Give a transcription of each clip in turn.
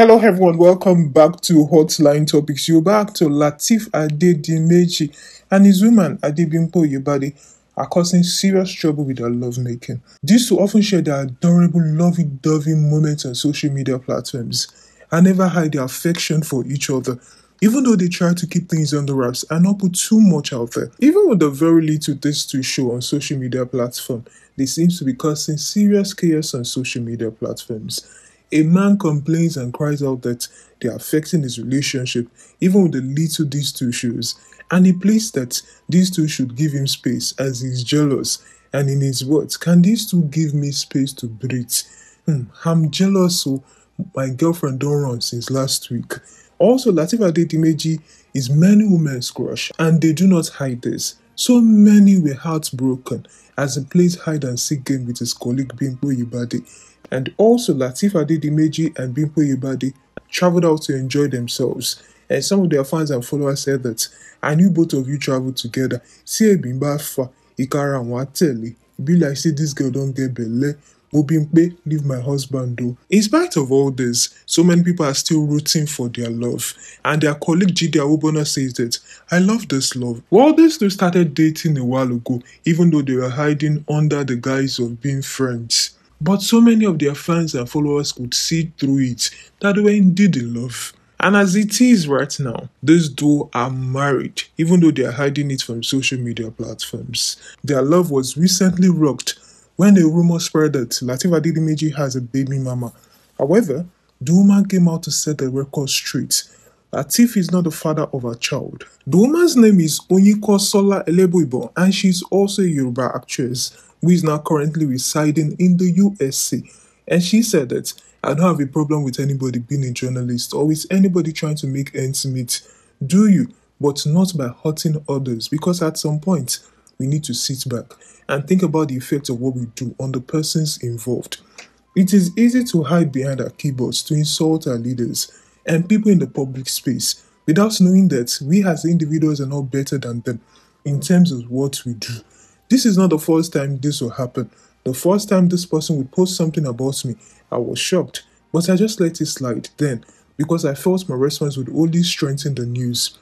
Hello, everyone. Welcome back to Hotline Topics. You're back to Latif Adedimeji and his woman Adebimpo Yubade are causing serious trouble with their lovemaking. These two often share their adorable, lovey-dovey moments on social media platforms and never hide their affection for each other. Even though they try to keep things under wraps and not put too much out there, even with the very little these to show on social media platform, they seem to be causing serious chaos on social media platforms. A man complains and cries out that they are affecting his relationship, even with the little these two shoes. and he pleads that these two should give him space as he's jealous. And in his words, can these two give me space to breathe? Hmm, I'm jealous, so my girlfriend don't run since last week. Also, Latifa Adedimeji is many women's crush, and they do not hide this. So many were heartbroken as he plays hide and seek game with his colleague Bimbo Yubade and also Latif Adedimeji and Bimpo Yebade traveled out to enjoy themselves. And some of their fans and followers said that I knew both of you traveled together. See Bimba fa Ikara Watele. Be like, see this girl don't get belle. Mobimpe, leave my husband though. In spite of all this, so many people are still rooting for their love. And their colleague Jidia Obona says that, I love this love. Well, these two started dating a while ago, even though they were hiding under the guise of being friends. But so many of their fans and followers could see through it that they were indeed in love. And as it is right now, these two are married, even though they are hiding it from social media platforms. Their love was recently rocked when a rumor spread that Latifa Didimeji has a baby mama. However, the woman came out to set the record straight. Latif is not the father of her child. The woman's name is Onyiko Sola Elebuibo, and she's also a Yoruba actress who is now currently residing in the USC. And she said that I don't have a problem with anybody being a journalist or with anybody trying to make ends meet. Do you? But not by hurting others, because at some point we need to sit back and think about the effect of what we do on the persons involved. It is easy to hide behind our keyboards to insult our leaders and people in the public space without knowing that we as individuals are not better than them in terms of what we do. This is not the first time this will happen. The first time this person would post something about me, I was shocked, but I just let it slide then because I felt my response would only strengthen the news.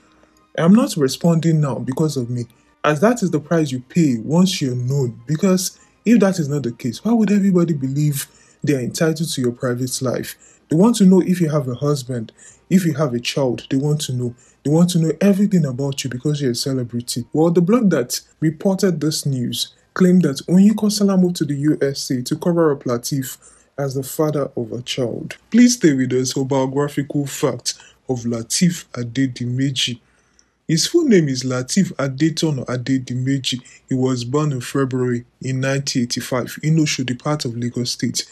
I'm not responding now because of me, as that is the price you pay once you're known. Because if that is not the case, why would everybody believe they are entitled to your private life? They want to know if you have a husband, if you have a child, they want to know. They want to know everything about you because you're a celebrity. Well, the blog that reported this news claimed that Onyekosala moved to the USA to cover up Latif as the father of a child. Please stay with us for biographical facts of Latif Adedimeji. His full name is Latif Adetono Adedimeji. He was born in February in 1985 in Oshodi, part of Lagos State.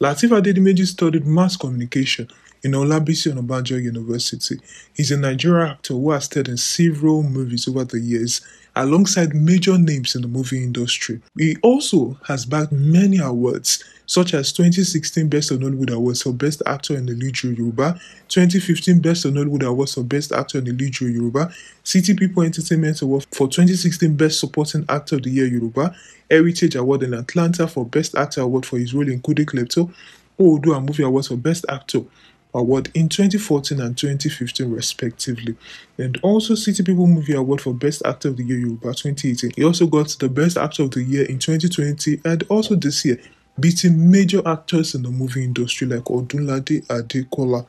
Latifa Adedimeji studied mass communication in Olabisi Onabanjo University. He's a Nigerian actor who has starred in several movies over the years alongside major names in the movie industry. He also has bagged many awards such as 2016 Best of Nollywood Awards for Best Actor in the Lead Role, Yoruba, 2015 Best of Nollywood Awards for Best Actor in the Lead Role, Yoruba, City People Entertainment Award for 2016 Best Supporting Actor of the Year Yoruba, Heritage Award in Atlanta for Best Actor Award for his role in Kude Klepto, Oodua Movie Awards for Best Actor Award in 2014 and 2015, respectively, and also City People Movie Award for Best Actor of the Year Yoruba 2018. He also got the Best Actor of the Year in 2020 and also this year beating major actors in the movie industry like Odunlade Adekola.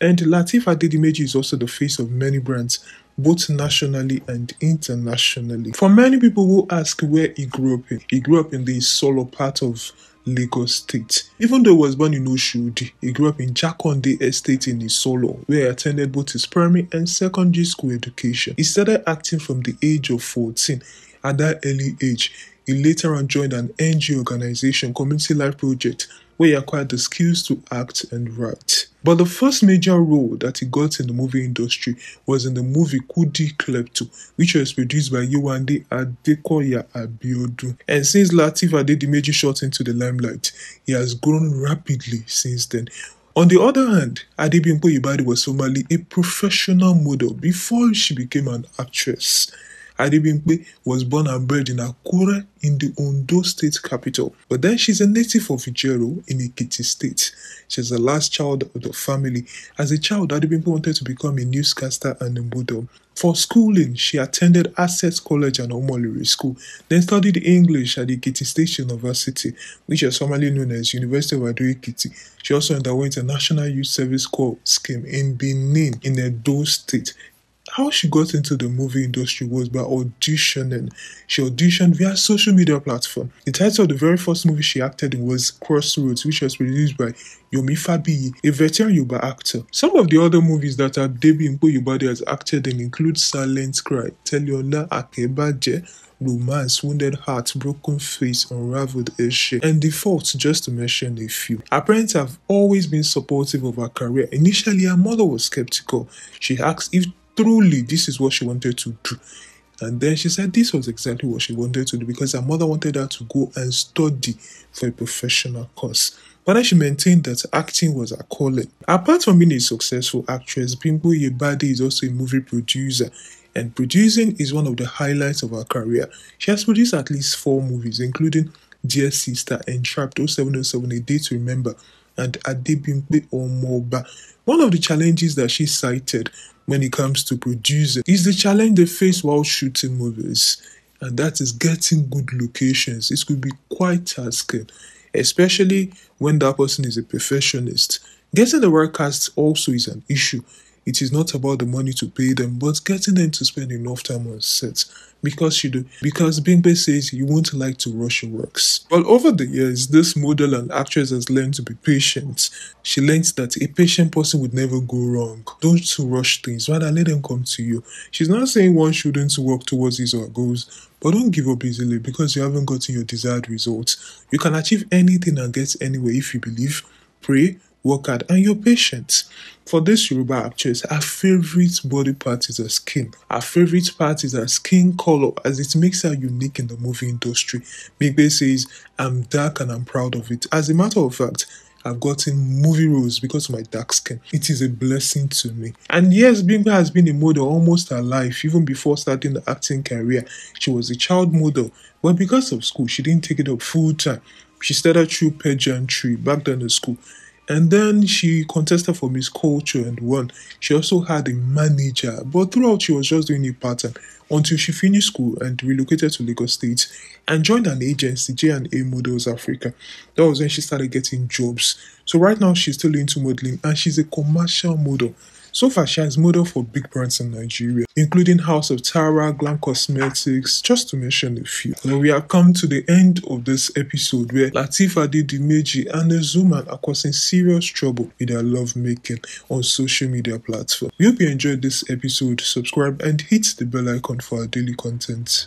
And Latif Adedimeji is also the face of many brands, both nationally and internationally. For many people who ask where he grew up in, he grew up in the solo part of Lagos State. Even though he was born in Oshodi, he grew up in Jakonde Estate in Isolo, where he attended both his primary and secondary school education. He started acting from the age of 14. At that early age, he later on joined an NGO organization, Community Life Project, where he acquired the skills to act and write. But the first major role that he got in the movie industry was in the movie Kudi Klepto, which was produced by Yewande Adekoya Abiodun. And since the Adedimeji shot into the limelight, he has grown rapidly since then. On the other hand, Adebimpo Ibadi was formerly a professional model before she became an actress. Adibimpe was born and bred in Akure in the Ondo state capital, but then she's a native of Ijero in Ikiti state. She's the last child of the family. As a child, Adibimpe wanted to become a newscaster and a model. For schooling, she attended Access College and Omolere School, then studied English at the Ikiti State University, which is formerly known as University of Ado Ikiti. She also underwent a National Youth Service Corps scheme in Benin in Edo State. How she got into the movie industry was by auditioning. She auditioned via social media platform. The title of the very first movie she acted in was Crossroads, which was produced by Yomi Fabi, a veteran Yoruba actor. Some of the other movies that her debut in Mpoyobade has acted in include Silent Cry, Teliola Akebaje, romance, wounded heart, broken face, unraveled issue, and Default, just to mention a few. Her parents have always been supportive of her career. Initially, her mother was skeptical. She asked if Truly, this is what she wanted to do. And then she said this was exactly what she wanted to do because her mother wanted her to go and study for a professional course. But then she maintained that acting was her calling. Apart from being a successful actress, Bimbo Yebadi is also a movie producer. And producing is one of the highlights of her career. She has produced at least four movies, including Dear Sister, Entrapped, 0707, A Day to Remember, and Adebimpe Omoba. One of the challenges that she cited when it comes to producing is the challenge they face while shooting movies, and that is getting good locations. This could be quite tasking, especially when that person is a perfectionist. Getting the right cast also is an issue it is not about the money to pay them, but getting them to spend enough time on set because you do because Bingbe says you won't like to rush your works. But over the years, this model and actress has learned to be patient. She learned that a patient person would never go wrong. Don't rush things, rather let them come to you. She's not saying one shouldn't work towards his or goals, but don't give up easily because you haven't gotten your desired results. You can achieve anything and get anywhere if you believe, pray, work hard, and you're patient. For this Yoruba actress, her favorite body part is her skin. Her favorite part is her skin color as it makes her unique in the movie industry. Migbe says, I'm dark and I'm proud of it. As a matter of fact, I've gotten movie roles because of my dark skin. It is a blessing to me. And yes, Bimba has been a model almost her life, even before starting the acting career. She was a child model, but because of school, she didn't take it up full time. She started through pageantry back then in school and then she contested for Miss Culture and won. She also had a manager, but throughout she was just doing a part-time until she finished school and relocated to Lagos State and joined an agency, J&A Models Africa. That was when she started getting jobs. So right now she's still into modeling and she's a commercial model. So far, she has modeled for big brands in Nigeria, including House of Tara, Glam Cosmetics, just to mention a few. And we have come to the end of this episode where Latifa Dimeji and Zuman are causing serious trouble with their lovemaking on social media platform. We hope you enjoyed this episode. Subscribe and hit the bell icon for our daily content.